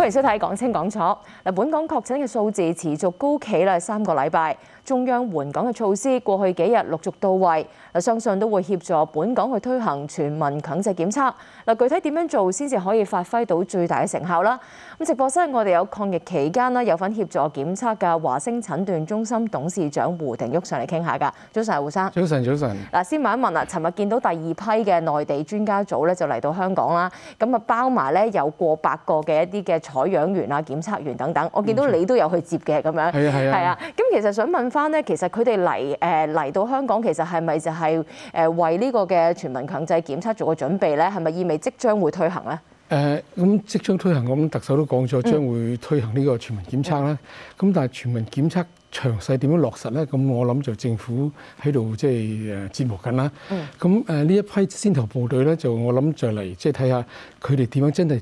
歡迎收睇《講清講楚》。嗱，本港確診嘅數字持續高企啦，三個禮拜。中央援港嘅措施，過去幾日陸續到位，嗱，相信都會協助本港去推行全民強制檢測。嗱，具體點樣做先至可以發揮到最大嘅成效啦？咁直播室我哋有抗疫期間啦，有份協助檢測嘅華昇診斷中心董事長胡定旭上嚟傾下㗎。早晨，胡生。早晨，早晨。嗱，先問一問啊，尋日見到第二批嘅內地專家組咧，就嚟到香港啦，咁啊包埋咧有過百個嘅一啲嘅採樣員啊、檢測員等等，我見到你都有去接嘅咁樣係啊，係啊。係啊，咁其實想問翻。咧其實佢哋嚟、誒嚟到香港，其實係咪就係誒為呢個嘅全民強制檢測做個準備咧？係咪意味即將會推行咧？誒咁即將推行，咁特首都講咗，將會推行呢個全民檢測啦。咁但係全民檢測詳細點樣落實咧？咁我諗就政府喺度即係誒節目緊啦。咁誒呢一批先頭部隊咧，就我諗再嚟即係睇下佢哋點樣真係。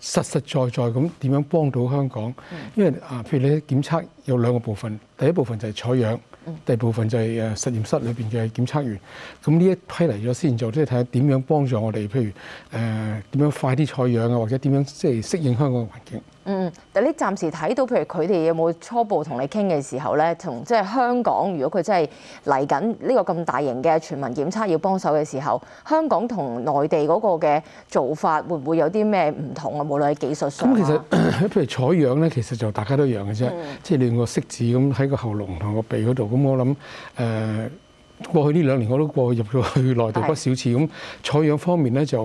實實在在咁點樣幫到香港？因為啊，譬如你檢測有兩個部分，第一部分就係採樣。嗯、第二部分就係誒實驗室裏邊嘅檢測員，咁呢一批嚟咗先做，即係睇下點樣幫助我哋，譬如誒呃、點樣快啲採樣啊，或者點樣即係、即係、適應香港嘅環境。嗯，但你暫時睇到，譬如佢哋有冇初步同你傾嘅時候咧，同即係香港，如果佢真係嚟緊呢個咁大型嘅全民檢測要幫手嘅時候，香港同內地嗰個嘅做法會唔會有啲咩唔同啊？無論係技術上、啊，咁其實譬如採樣咧，其實就大家都一樣嘅啫、嗯，即係你用個拭子咁喺個喉嚨同個鼻嗰度。咁我諗，誒、呃、過去呢兩年我都過去入咗去內地不少次，咁採樣方面咧就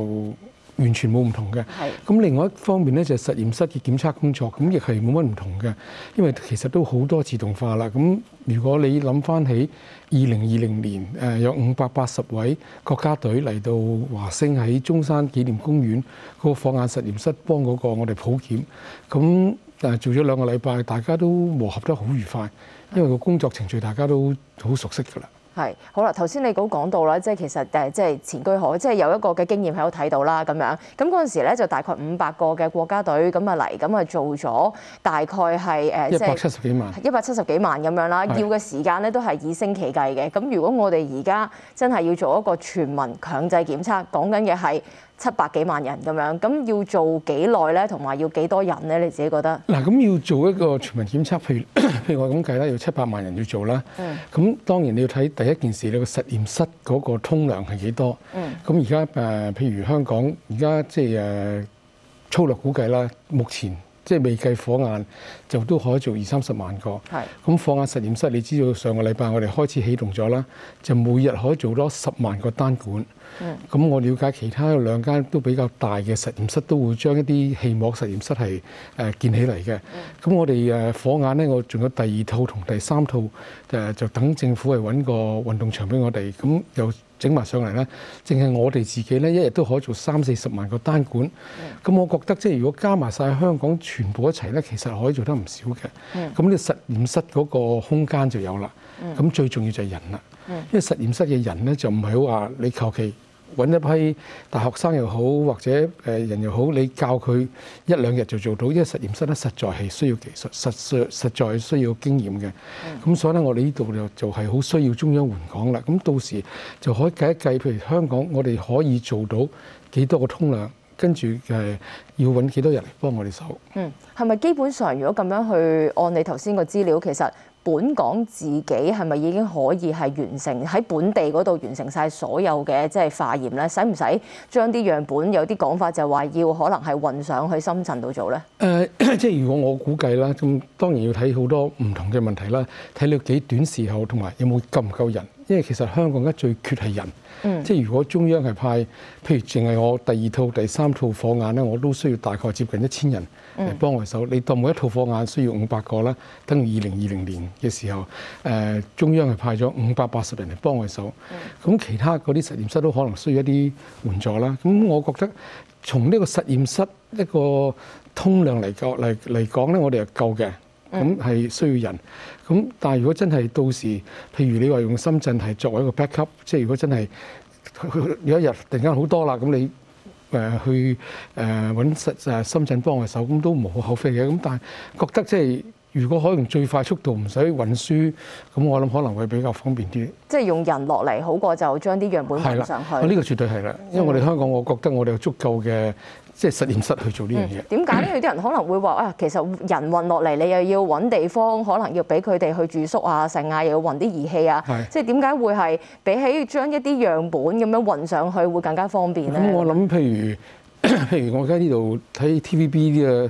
完全冇唔同嘅。咁另外一方面咧就係、實驗室嘅檢測工作，咁亦係冇乜唔同嘅，因為其實都好多自動化啦。咁如果你諗翻起二零二零年誒有五百八十位國家隊嚟到華昇喺中山紀念公園嗰、嗰個放眼實驗室幫嗰個我哋普檢，咁誒做咗兩個禮拜，大家都磨合得好愉快。因為個工作程序大家都好熟悉㗎啦。係，好啦，頭先你都講到啦，即係其實誒，即係前居可，即係有一個嘅經驗喺度睇到啦，咁樣。咁嗰陣時咧就大概五百個嘅國家隊咁啊嚟，咁啊做咗大概係誒，一百七十幾萬，一百七十幾萬咁樣啦。要嘅時間咧都係以星期計嘅。咁如果我哋而家真係要做一個全民強制檢測，講緊嘅係。七百幾萬人咁樣，咁要做幾耐咧？同埋要幾多人咧？你自己覺得？嗱，咁要做一個全民檢測，譬如譬如我咁計啦，要七百萬人要做啦。嗯。咁當然你要睇第一件事，你個實驗室嗰個通量係幾多？嗯。咁而家誒，譬如香港而家即係誒粗略估計啦，目前即係未計火眼就都可以做二三十萬個。係。咁火眼實驗室，你知道上個禮拜我哋開始啟動咗啦，就每日可以做多十萬個單管。咁我了解其他兩間都比較大嘅實驗室都會將一啲氣膜實驗室係建起嚟嘅。咁我哋誒火眼呢，我仲有第二套同第三套就等政府係揾個運動場俾我哋，咁又整埋上嚟呢，淨係我哋自己呢，一日都可以做三四十萬個單管。咁我覺得即係如果加埋晒香港全部一齊呢，其實可以做得唔少嘅。咁你實驗室嗰個空間就有啦。咁最重要就係人啦。因為實驗室嘅人咧就唔係好話，你求其揾一批大學生又好，或者誒人又好，你教佢一兩日就做到，因為實驗室咧實在係需要技術，實實實在需要經驗嘅。咁、嗯、所以咧，我哋呢度就就係好需要中央援港啦。咁到時就可以計一計，譬如香港我哋可以做到幾多個通量。跟住誒，要揾幾多人嚟幫我哋手？嗯，係咪基本上如果咁樣去按你頭先個資料，其實本港自己係咪已經可以係完成喺本地嗰度完成晒所有嘅即係化驗咧？使唔使將啲樣本有啲講法就話要可能係運上去深圳度做咧？誒、呃，即係如果我估計啦，咁當然要睇好多唔同嘅問題啦，睇你幾短時候同埋有冇夠唔夠人。因為其實香港而家最缺係人，即係如果中央係派，譬如淨係我第二套、第三套火眼咧，我都需要大概接近一千人嚟幫我手。你當每一套火眼需要五百個啦，等於二零二零年嘅時候，誒中央係派咗五百八十人嚟幫我手，咁其他嗰啲實驗室都可能需要一啲援助啦。咁我覺得從呢個實驗室一個通量嚟講嚟嚟講咧，我哋係夠嘅。咁係需要人，咁但係如果真係到時，譬如你話用深圳係作為一個 backup，即係如果真係有一日突然間好多啦，咁你誒去誒揾實誒深圳幫我手，咁都無可厚非嘅。咁但係覺得即係如果可以用最快速度唔使運輸，咁我諗可能會比較方便啲。即係用人落嚟好過就將啲樣本送上去。呢個絕對係啦，因為我哋香港，我覺得我哋有足夠嘅。即係實驗室去做呢樣嘢。點解咧？有啲人可能會話啊，其實人運落嚟，你又要揾地方，可能要俾佢哋去住宿啊，成啊，又要運啲儀器啊。係。即係點解會係比起將一啲樣本咁樣運上去會更加方便咧？咁我諗，譬如譬如我喺呢度睇 T V B 啲嘅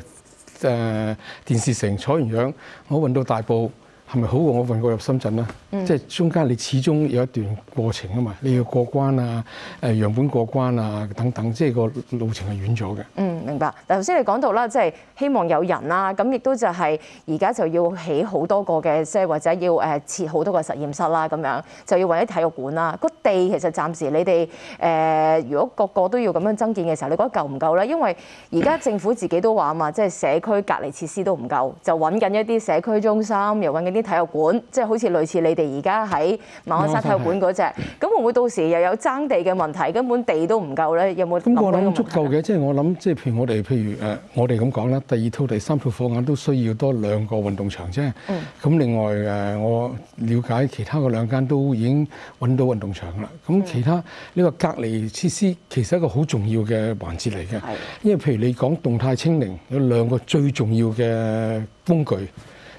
誒電視城採完樣，我運到大埔。係咪好過我運過入深圳咧、嗯？即係中間你始終有一段過程啊嘛，你要過關啊，誒、呃、樣本過關啊等等，即係個路程係遠咗嘅。嗯，明白。頭先你講到啦，即係希望有人啦，咁亦都就係而家就要起好多個嘅，即係或者要誒設好多個實驗室啦，咁樣就要揾啲體育館啦。個地其實暫時你哋誒、呃，如果個個都要咁樣增建嘅時候，你覺得夠唔夠咧？因為而家政府自己都話啊嘛，即係社區隔離設施都唔夠，就揾緊一啲社區中心，又揾啲體育館，即係好似類似你哋而家喺馬鞍山體育館嗰隻，咁、嗯、會唔會到時又有爭地嘅問題？根本地都唔夠咧，有冇？咁我諗足夠嘅，即係我諗，即係譬如我哋譬如誒，我哋咁講啦，第二套、第三套火眼都需要多兩個運動場啫。嗯。咁另外誒，我瞭解其他嘅兩間都已經揾到運動場啦。咁、嗯、其他呢個隔離設施其實係一個好重要嘅環節嚟嘅，因為譬如你講動態清零有兩個最重要嘅工具，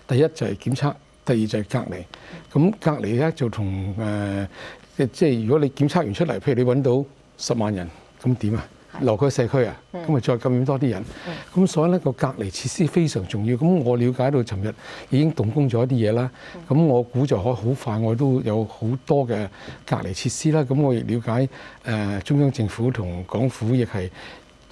第一就係檢測。第二就係隔離，咁隔離咧就同誒、呃，即係如果你檢測完出嚟，譬如你揾到十萬人，咁點啊？留佢喺社區啊，咁咪再咁多啲人。咁所以呢個隔離設施非常重要。咁我了解到尋日已經動工咗一啲嘢啦。咁我估就可好快，我都有好多嘅隔離設施啦。咁我亦了解誒、呃、中央政府同港府亦係、也是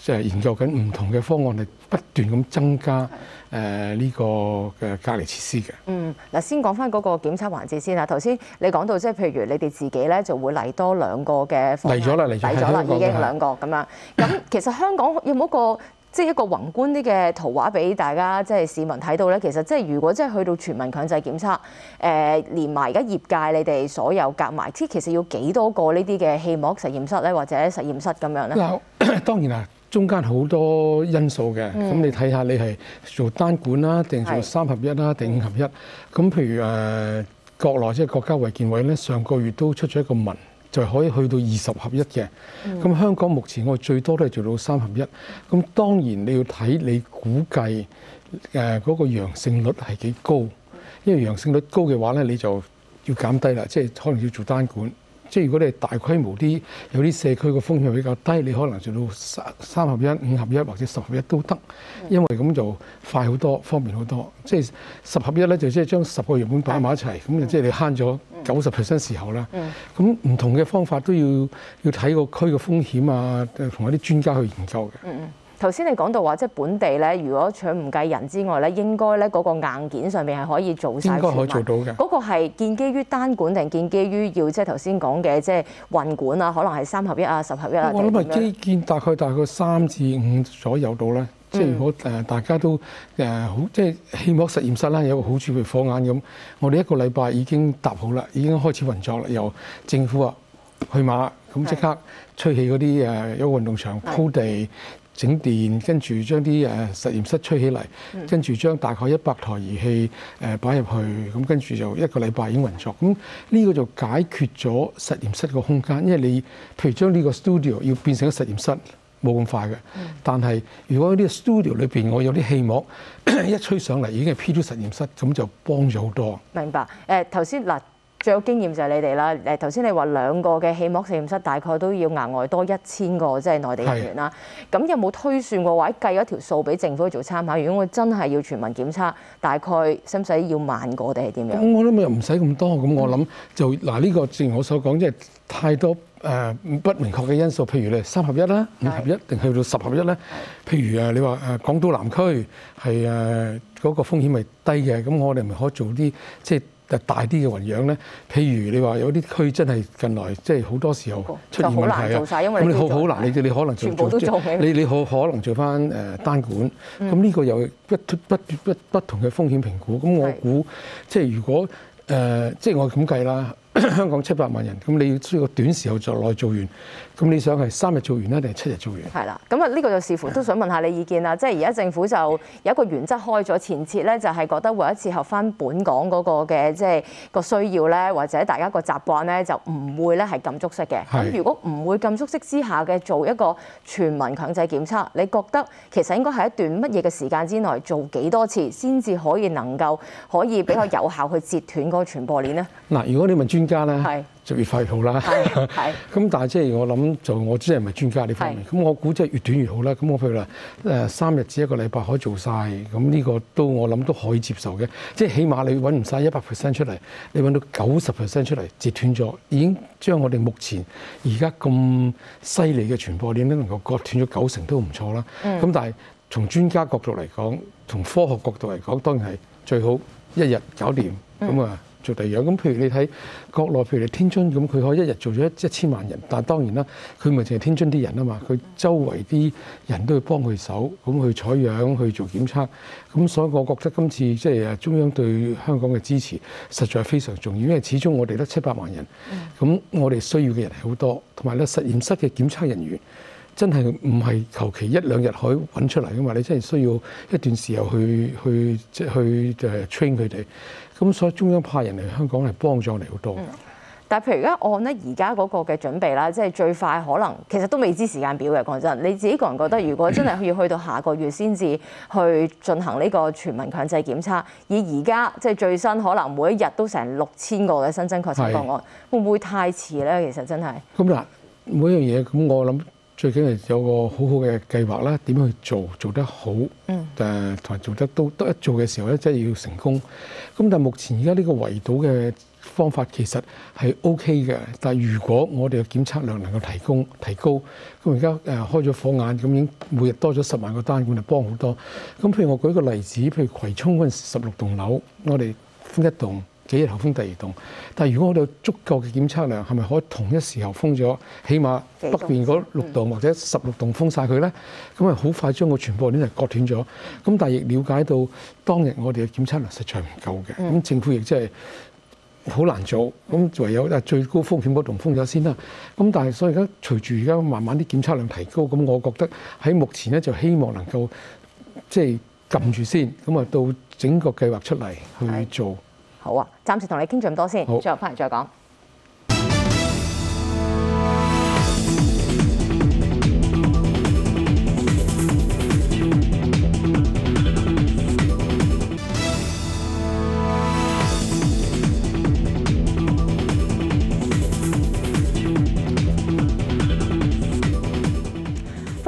即、就、係、是、研究緊唔同嘅方案，嚟不斷咁增加誒呢、呃這個嘅隔離設施嘅。嗯，嗱，先講翻嗰個檢測環節先啦。頭先你講到即係譬如你哋自己咧就會嚟多兩個嘅嚟咗啦，嚟咗啦，已經兩個咁樣。咁其實香港有冇一個即係、就是、一個宏觀啲嘅圖畫俾大家即係、就是、市民睇到咧？其實即係如果即係去到全民強制檢測，誒、呃、連埋而家業界你哋所有夾埋，即係其實要幾多個呢啲嘅氣膜實驗室咧，或者實驗室咁樣咧？嗱、呃，當然啦。中間好多因素嘅，咁你睇下你係做單管啦，定做三合一啦，定五合一。咁譬如誒、呃、國內即係國家衞健委咧，上個月都出咗一個文，就可以去到二十合一嘅。咁香港目前我最多都係做到三合一。咁當然你要睇你估計誒嗰、呃那個陽性率係幾高，因為陽性率高嘅話咧，你就要減低啦，即、就、係、是、可能要做單管。即係如果你係大規模啲，有啲社區個風險比較低，你可能做到三三合一、五合一或者十合一都得，因為咁就快好多、方便好多。即係十合一咧，就即係將十個樣本擺埋一齊，咁就即係你慳咗九十 percent 時候啦。咁唔同嘅方法都要要睇個區嘅風險啊，同一啲專家去研究嘅。頭先你講到話，即係本地咧，如果除唔計人之外咧，應該咧嗰個硬件上面係可以做晒，應該可以做到嘅，嗰個係建基於單管定建基於要即係頭先講嘅即係運管啊，可能係三合一啊、十合一啊。我諗埋基建大概大概三至五左右到咧，嗯、即係如果誒大家都誒好，嗯嗯即係氣膜實驗室啦，有個好處，譬如火眼咁，我哋一個禮拜已經搭好啦，已經開始運作啦。由政府啊去馬咁即刻吹起嗰啲誒有運動場鋪地。整電跟住將啲誒實驗室吹起嚟，跟住將大概一百台儀器誒擺入去，咁跟住就一個禮拜已經運作。咁呢個就解決咗實驗室個空間，因為你譬如將呢個 studio 要變成咗實驗室，冇咁快嘅。但係如果呢個 studio 裏邊我有啲氣膜，一吹上嚟，已經係 P2 實驗室，咁就幫咗好多。明白。誒頭先嗱。最有經驗就係你哋啦。誒頭先你話兩個嘅氣膜實驗室大概都要額外多一千個，即係內地人員啦。咁有冇推算過或者計咗條數俾政府去做參考？如果我真係要全民檢測，大概使唔使要萬個定係點樣？我諗又唔使咁多。咁、嗯、我諗就嗱，呢個正如我所講，即係太多誒、呃、不明確嘅因素。譬如你三合一啦，五合一，定係去到十合一咧？譬如誒，你話誒港島南區係誒嗰個風險係低嘅，咁我哋咪可以做啲即係，就是就大啲嘅混樣咧，譬如你話有啲區真係近來即係好多時候出現問題啊，咁你好好難，你可你，你可能全部都做做，你你可可能做翻誒單管。咁、嗯、呢個又不不不不同嘅風險評估。咁我估即係如果誒、呃，即係我咁計啦。香港七百萬人，咁你要需要短時候在內做完，咁你想係三日做完咧，定係七日做完？係啦，咁啊呢個就視乎，都想問下你意見啦。即係而家政府就有一個原則開了，開咗前設咧、那個，就係覺得為一次合翻本港嗰個嘅即係個需要咧，或者大家個習慣咧，就唔會咧係咁足息嘅。咁如果唔會咁足息之下嘅，做一個全民強制檢測，你覺得其實應該係一段乜嘢嘅時間之內做幾多次，先至可以能夠可以比較有效去截斷嗰個傳播鏈呢？嗱，如果你問專是是是是是是專家咧，就越快好啦。咁但係即係我諗，就我真係唔係專家呢方面。咁我估即係越短越好啦。咁我譬如話，誒三日至一個禮拜可以做晒，咁、這、呢個都我諗都可以接受嘅。即係起碼你揾唔晒一百 percent 出嚟，你揾到九十 percent 出嚟截斷咗，已經將我哋目前而家咁犀利嘅傳播鏈都能夠割斷咗九成都唔錯啦。咁、嗯、但係從專家角度嚟講，從科學角度嚟講，當然係最好一日搞掂咁啊。做第二樣咁，譬如你睇國內，譬如你天津咁，佢可以一日做咗一一千萬人，但係當然啦，佢咪係淨係天津啲人啊嘛，佢周圍啲人都要幫佢手，咁去採樣去做檢測。咁所以我覺得今次即係、就是、中央對香港嘅支持，實在非常重要，因為始終我哋得七百萬人，咁我哋需要嘅人係好多，同埋咧實驗室嘅檢測人員真係唔係求其一兩日可以揾出嚟嘅嘛，你真係需要一段時候去去即係去誒 train 佢哋。咁所以中央派人嚟香港嚟幫助你好多嘅。嗯嗯，但係譬如而家按咧，而家嗰個嘅準備啦，即係最快可能其實都未知時間表嘅。講真，你自己個人覺得，如果真係要去到下個月先至去進行呢個全民強制檢測，以而家即係最新可能每一日都成六千個嘅新增確診個案，會唔會太遲咧？其實真係咁嗱，每樣嘢咁我諗。最緊係有個好好嘅計劃啦，點樣去做做得好誒，同、嗯、埋做得都得一做嘅時候咧，即係要成功。咁但係目前而家呢個圍堵嘅方法其實係 O K 嘅，但係如果我哋嘅檢測量能夠提高提高，咁而家誒開咗火眼咁已經每日多咗十萬個單管，就幫好多。咁譬如我舉個例子，譬如葵涌嗰陣時十六棟樓，我哋封一棟。幾日後封第二棟，但係如果我哋有足夠嘅檢測量，係咪可以同一時候封咗？起碼北邊嗰六棟或者十六棟封晒佢咧，咁啊好快將個全部鏈就割斷咗。咁但係亦了解到當日我哋嘅檢測量實在唔夠嘅，咁、嗯、政府亦真係好難做。咁唯有啊最高風險嗰棟封咗先啦。咁、嗯、但係所以而家隨住而家慢慢啲檢測量提高，咁我覺得喺目前咧就希望能夠即係撳住先，咁啊到整個計劃出嚟去做。好啊，暫時同你傾咗咁多先，好最後再翻嚟再講。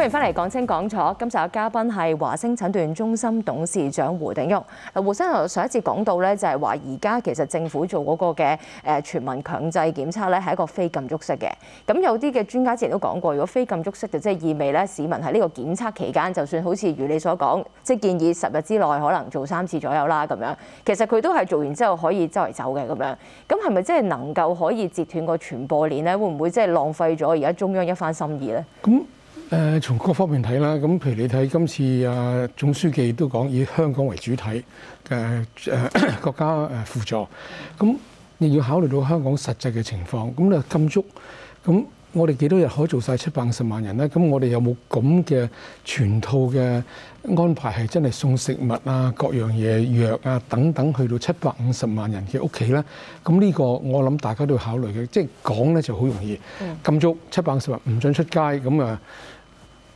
翻嚟講清講楚，今日嘅嘉賓係華昇診斷中心董事長胡定旭。嗱，胡生上一次講到咧，就係話而家其實政府做嗰個嘅誒全民強制檢測咧，係一個非禁足式嘅。咁有啲嘅專家之前都講過，如果非禁足式就即係意味咧，市民喺呢個檢測期間，就算好似如你所講，即係建議十日之內可能做三次左右啦咁樣，其實佢都係做完之後可以周圍走嘅咁樣。咁係咪真係能夠可以截斷個傳播鏈咧？會唔會即係浪費咗而家中央一番心意咧？嗯誒，從各方面睇啦，咁譬如你睇今次啊，總書記都講以香港為主體，誒誒國家誒輔助，咁你要考慮到香港實際嘅情況。咁你禁足，咁我哋幾多日可以做晒七百五十萬人咧？咁我哋有冇咁嘅全套嘅安排係真係送食物啊、各樣嘢、藥啊等等去到七百五十萬人嘅屋企咧？咁呢個我諗大家都要考慮嘅，即係講咧就好容易禁足七百五十萬唔准出街咁啊！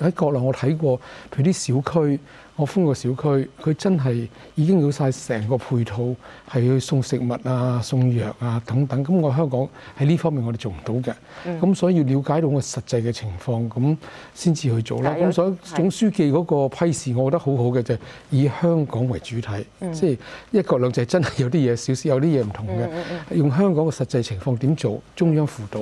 喺國內我睇過，譬如啲小區，我封個小區，佢真係已經要晒成個配套，係去送食物啊、送藥啊等等。咁我香港喺呢方面我哋做唔到嘅，咁、嗯、所以要了解到我實際嘅情況，咁先至去做啦。咁、嗯、所以總書記嗰個批示，我覺得很好好嘅就係以香港為主體，即、嗯、係、就係、一國兩制真係有啲嘢少少有啲嘢唔同嘅、嗯嗯，用香港嘅實際情況點做，中央輔導。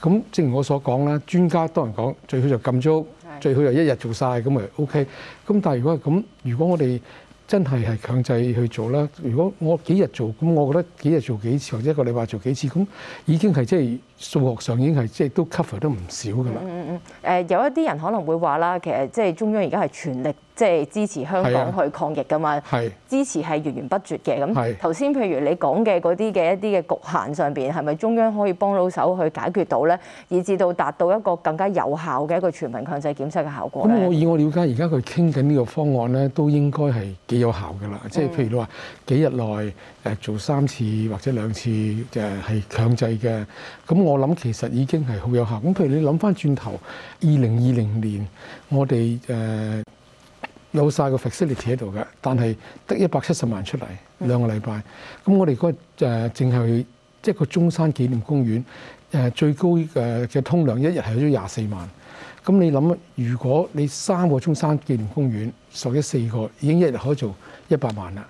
咁正如我所講啦，專家多人講，最好就禁足。最好又一日做晒，咁咪 OK，咁但係如果係咁，如果我哋真係係強制去做啦，如果我幾日做，咁我覺得幾日做幾次或者一個禮拜做幾次，咁已經係即係數學上已經係即係都 cover 得唔少㗎啦。嗯嗯嗯、呃，有一啲人可能會話啦，其實即係中央而家係全力。即係支持香港去抗疫㗎嘛？係、啊、支持係源源不絕嘅咁。頭先譬如你講嘅嗰啲嘅一啲嘅局限上邊，係咪中央可以幫到手去解決到咧，以至到達到一個更加有效嘅一個全民強制檢測嘅效果咧？咁我以我了解，而家佢傾緊呢個方案咧，都應該係幾有效㗎啦。即係譬如你話幾日內誒做三次或者兩次誒係強制嘅，咁我諗其實已經係好有效。咁譬如你諗翻轉頭，二零二零年我哋誒。有晒個 facility 喺度嘅，但係得一百七十萬出嚟兩個禮拜。咁我哋嗰誒淨係即係個中山紀念公園誒、呃、最高誒嘅、呃、通量一日係咗廿四萬。咁你諗，如果你三個中山紀念公園，屬於四個已經一日可以做一百萬啦。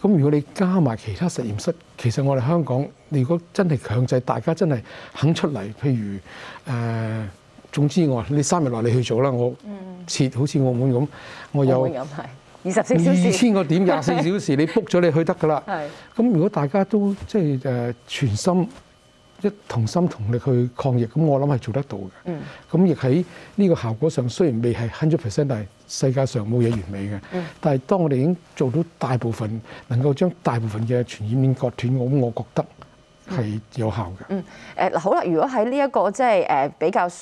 咁如果你加埋其他實驗室，其實我哋香港，你如果真係強制大家真係肯出嚟，譬如誒。呃總之我話你三日內你去做啦，我設、嗯、好似澳門咁，我有二十四小時，二千個點，廿四小時， 你 book 咗你去得㗎啦。咁如果大家都即係誒全心一同心同力去抗疫，咁我諗係做得到嘅。咁亦喺呢個效果上，雖然未係 hundred percent，但係世界上冇嘢完美嘅、嗯。但係當我哋已經做到大部分，能夠將大部分嘅傳染鏈割斷，咁我覺得。係有效嘅。嗯誒嗱、嗯，好啦，如果喺呢一個即係誒比較即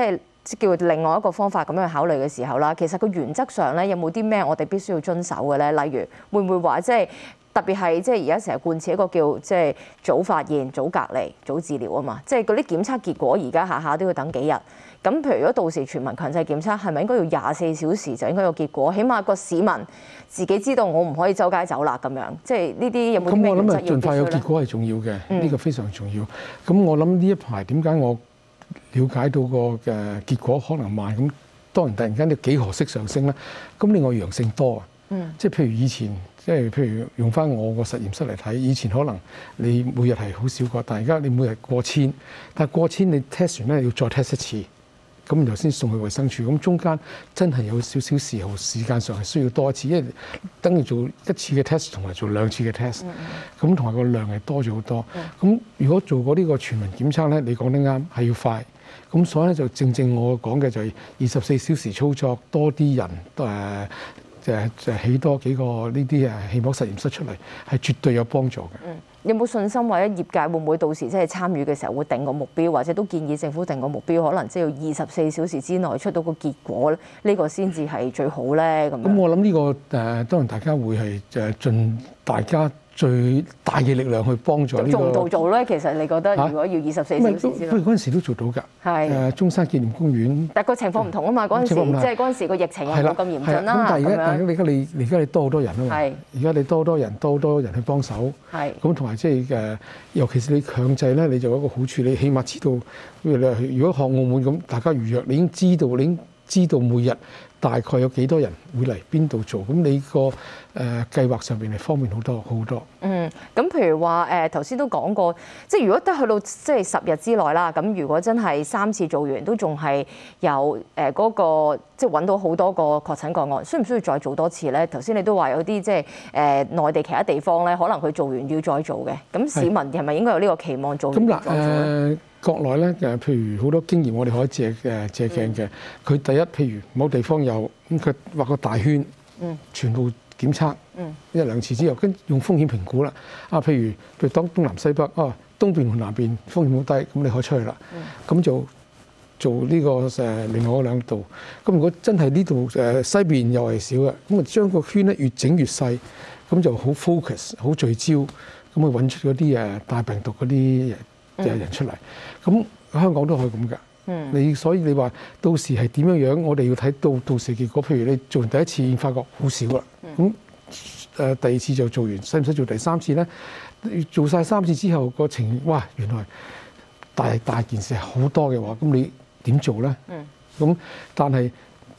係、即係、叫另外一個方法咁樣去考慮嘅時候啦，其實個原則上咧，有冇啲咩我哋必須要遵守嘅咧？例如會唔會話即係？即係特別係即係而家成日貫徹一個叫即係早發現、早隔離、早治療啊嘛，即係嗰啲檢測結果而家下下都要等幾日。咁譬如如果到時全民強制檢測，係咪應該要廿四小時就應該有結果？起碼個市民自己知道我唔可以周街走啦咁樣。即係呢啲有冇？我諗啊，盡快有結果係重要嘅，呢、嗯、個非常重要。咁我諗呢一排點解我了解到個嘅結果可能慢？咁當然突然間你幾何式上升啦。咁另外陽性多啊，即係譬如以前。嗯即係譬如用翻我個實驗室嚟睇，以前可能你每日係好少個，但係而家你每日過千，但係過千你 test 完咧要再 test 一次，咁就先送去衞生署，咁中間真係有少少時候時間上係需要多一次，因為等於做一次嘅 test 同埋做兩次嘅 test，咁同埋個量係多咗好多。咁如果做過呢個全民檢測咧，你講得啱係要快，咁所以就正正我講嘅就係二十四小時操作，多啲人都誒。就係就係起多幾個呢啲誒氣膜實驗室出嚟，係絕對有幫助嘅。嗯有冇信心或者業界會唔會到時即係參與嘅時候會定個目標，或者都建議政府定個目標，可能即係要二十四小時之內出到個結果咧？呢個先至係最好咧。咁。咁我諗呢個誒，當然大家會係誒盡大家最大嘅力量去幫助呢個。中度做咧，其實你覺得如果要二十四小時先。咁嗰陣時都做到㗎。係誒中山紀念公園。但個情況唔同啊嘛，嗰陣時即係嗰陣時個疫情係冇咁嚴峻啦。咁但係而家，而家你而家你而家你多好多人啊嘛。係。而家你多好多人，多好多人去幫手。係。咁同埋。即係誒，尤其是你強制咧，你就有一個好處，你起碼知道，因為你如果學澳門咁，大家預約，你已經知道，你已經知道每日。大概有幾多人會嚟邊度做？咁你個誒、呃、計劃上面，係方便好多好多。嗯，咁譬如話誒，頭、呃、先都講過，即係如果得去到即係十日之內啦，咁如果真係三次做完都仲係有誒嗰、呃那個即係揾到好多個確診個案，需唔需要再做多次咧？頭先你都話有啲即係誒、呃、內地其他地方咧，可能佢做完要再做嘅。咁市民係咪應該有呢個期望做再做？國內咧譬如好多經驗，我哋可以借誒借鏡嘅。佢、嗯、第一，譬如某地方有，咁佢畫個大圈，嗯，全部檢測，嗯一，一兩次之後，跟用風險評估啦。啊，譬如譬如當東南西北，啊東邊同南邊風險好低，咁你可以出去啦。咁、嗯、就做呢個另外嗰兩度。咁如果真係呢度西邊又係少嘅，咁啊將個圈咧越整越細，咁就好 focus 好聚焦，咁去揾出嗰啲大病毒嗰啲。有人出嚟咁，那香港都可以咁㗎、嗯。你所以你話到時係點樣樣，我哋要睇到到時結果。譬如你做完第一次發覺好少啦，咁、嗯、第二次就做完，使唔使做第三次咧？做晒三次之後、那個情，哇！原來大大件事好多嘅話，咁你點做咧？咁、嗯、但係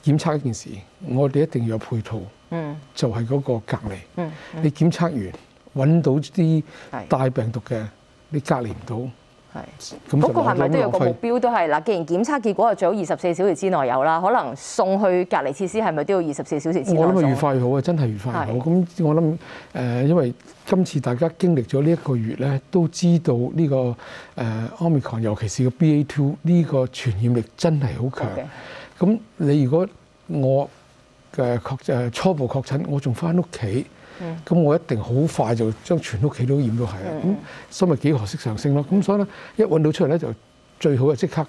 檢測一件事，我哋一定要有配套，嗯、就係、是、嗰個隔離、嗯嗯。你檢測完揾到啲大病毒嘅，你隔離唔到。係，嗰個係咪都有個目標都係嗱？既然檢測結果係最好二十四小時之內有啦，可能送去隔離設施係咪都要二十四小時之內有？我諗越快越好啊！真係越快越好。咁我諗誒、呃，因為今次大家經歷咗呢一個月咧，都知道呢、這個誒奧密克戎，呃、Omicron，尤其係個 BA two 呢個傳染力真係好強。咁、okay。你如果我誒確誒初步確診，我仲翻屋企？咁、嗯、我一定好快就將全屋企都染到係啦，咁、嗯、所以咪幾何式上升咯。咁、嗯、所以咧、嗯，一揾到出嚟咧就最好就即刻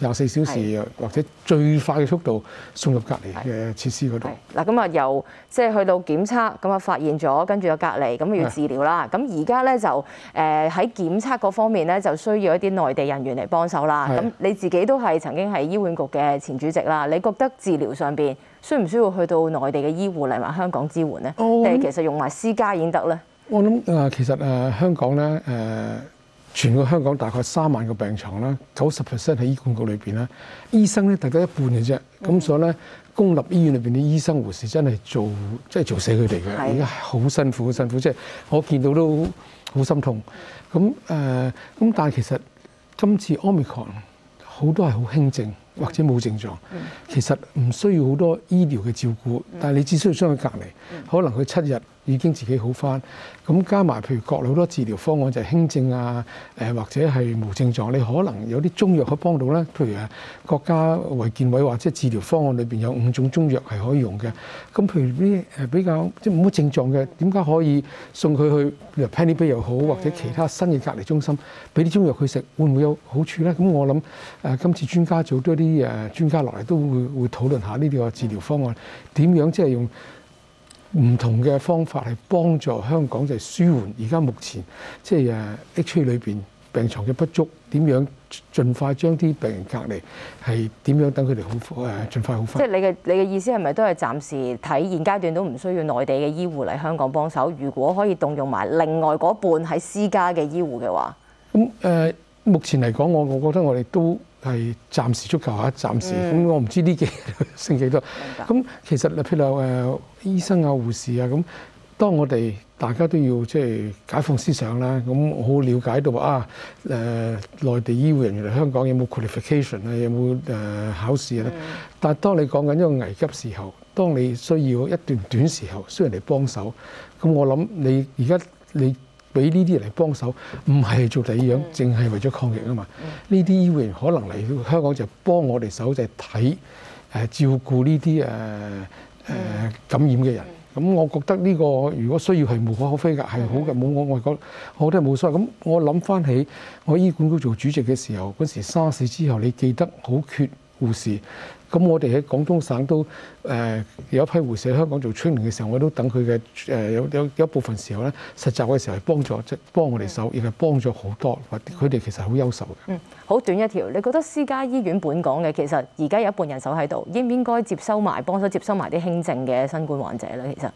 廿四小時或者最快嘅速度送入隔離嘅設施嗰度。嗱、嗯，咁啊由即係去到檢測，咁啊發現咗，跟住又隔離，咁啊要治療啦。咁而家咧就誒喺、呃、檢測嗰方面咧，就需要一啲內地人員嚟幫手啦。咁你自己都係曾經係醫管局嘅前主席啦，你覺得治療上邊？需唔需要去到內地嘅醫護嚟埋香港支援咧？定係其實用埋私家已經得咧？我諗啊、呃，其實啊，呃、香港咧誒、呃，全個香港大概三萬個病床啦，九十 percent 喺醫管局裏邊啦，醫生咧得一半嘅啫。咁所以咧，mm. 公立醫院裏邊啲醫生護士真係做即係、就是、做死佢哋嘅，而家好辛苦，好辛苦。即、就、係、是、我見到都好心痛。咁誒，咁、呃、但係其實今次 Omicron 好多係好輕症。或者冇症狀，嗯、其實唔需要好多醫療嘅照顧，嗯，但係你只需要將佢隔離，嗯，可能佢七日已經自己好返。咁加埋譬如國內好多治療方案就係、是、輕症啊，誒、呃、或者係無症狀，你可能有啲中藥可以幫到咧。譬如誒國家衛健委或者治療方案裏邊有五種中藥係可以用嘅。咁譬如呢誒比較即係冇乜症狀嘅，點解可以送佢去譬如 Penny Bay 又好、嗯，或者其他新嘅隔離中心，俾啲中藥佢食，會唔會有好處咧？咁我諗誒、呃、今次專家做多啲。啲誒專家落嚟都會會討論下呢啲個治療方案點樣，即係用唔同嘅方法去幫助香港，就係舒緩。而家目前即係誒 H 區裏邊病床嘅不足，點樣盡快將啲病人隔離？係點樣等佢哋好快？盡快好翻？即係你嘅你嘅意思係咪都係暫時睇現階段都唔需要內地嘅醫護嚟香港幫手？如果可以動用埋另外嗰半喺私家嘅醫護嘅話，咁、嗯、誒、呃、目前嚟講，我我覺得我哋都。係暫時足夠嚇、啊，暫時咁我唔知呢幾星期升幾多。咁其實，譬如誒、呃、醫生啊、護士啊，咁當我哋大家都要即係、就是、解放思想啦、啊，咁好了解到啊誒、呃、內地醫護人員嚟香港有冇 qualification 啊，有冇誒、呃、考試啊？但係當你講緊一個危急時候，當你需要一段短時候需要人嚟幫手，咁我諗你而家你。俾呢啲人嚟幫手，唔係做第二樣，淨係為咗抗疫啊嘛。呢啲醫護人員可能嚟香港就幫我哋手，就係睇誒照顧呢啲誒誒感染嘅人。咁、嗯嗯、我覺得呢、這個如果需要係無可厚非㗎，係好嘅。冇、嗯、我外國好多冇所謂。咁我諗翻起我醫管局做主席嘅時候，嗰時沙士之後，你記得好缺。護士，咁我哋喺廣東省都誒、呃、有一批護士喺香港做支援嘅時候，我都等佢嘅誒有有有一部分時候咧實習嘅時候係幫咗，即係幫我哋手，亦係幫咗好多，佢哋其實好優秀嘅。嗯，好短一條，你覺得私家醫院本港嘅其實而家有一半人手喺度，應唔應該接收埋幫手接收埋啲輕症嘅新冠患者咧？其實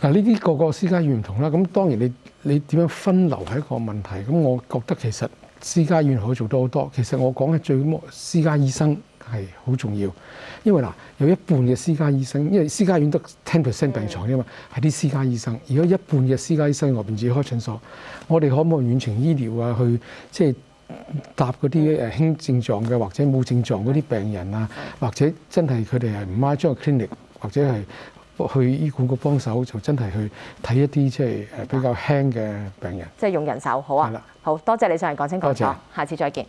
嗱，呢啲個個私家醫院唔同啦。咁當然你你點樣分流係一個問題。咁我覺得其實。私家醫院可以做得好多，其實我講嘅最麼私家醫生係好重要，因為嗱有一半嘅私家醫生，因為私家院得 ten percent 病床啫嘛，係、嗯、啲私家醫生，而有一半嘅私家醫生外邊自己開診所，我哋可唔可以遠程醫療啊？去即係搭嗰啲誒輕症狀嘅或者冇症狀嗰啲病人啊，或者真係佢哋係唔啱將去 clinic 或者係。去醫管局幫手就真係去睇一啲即係誒比較輕嘅病人，即係用人手好啊。係啦，好多謝你上嚟講清楚，下次再見。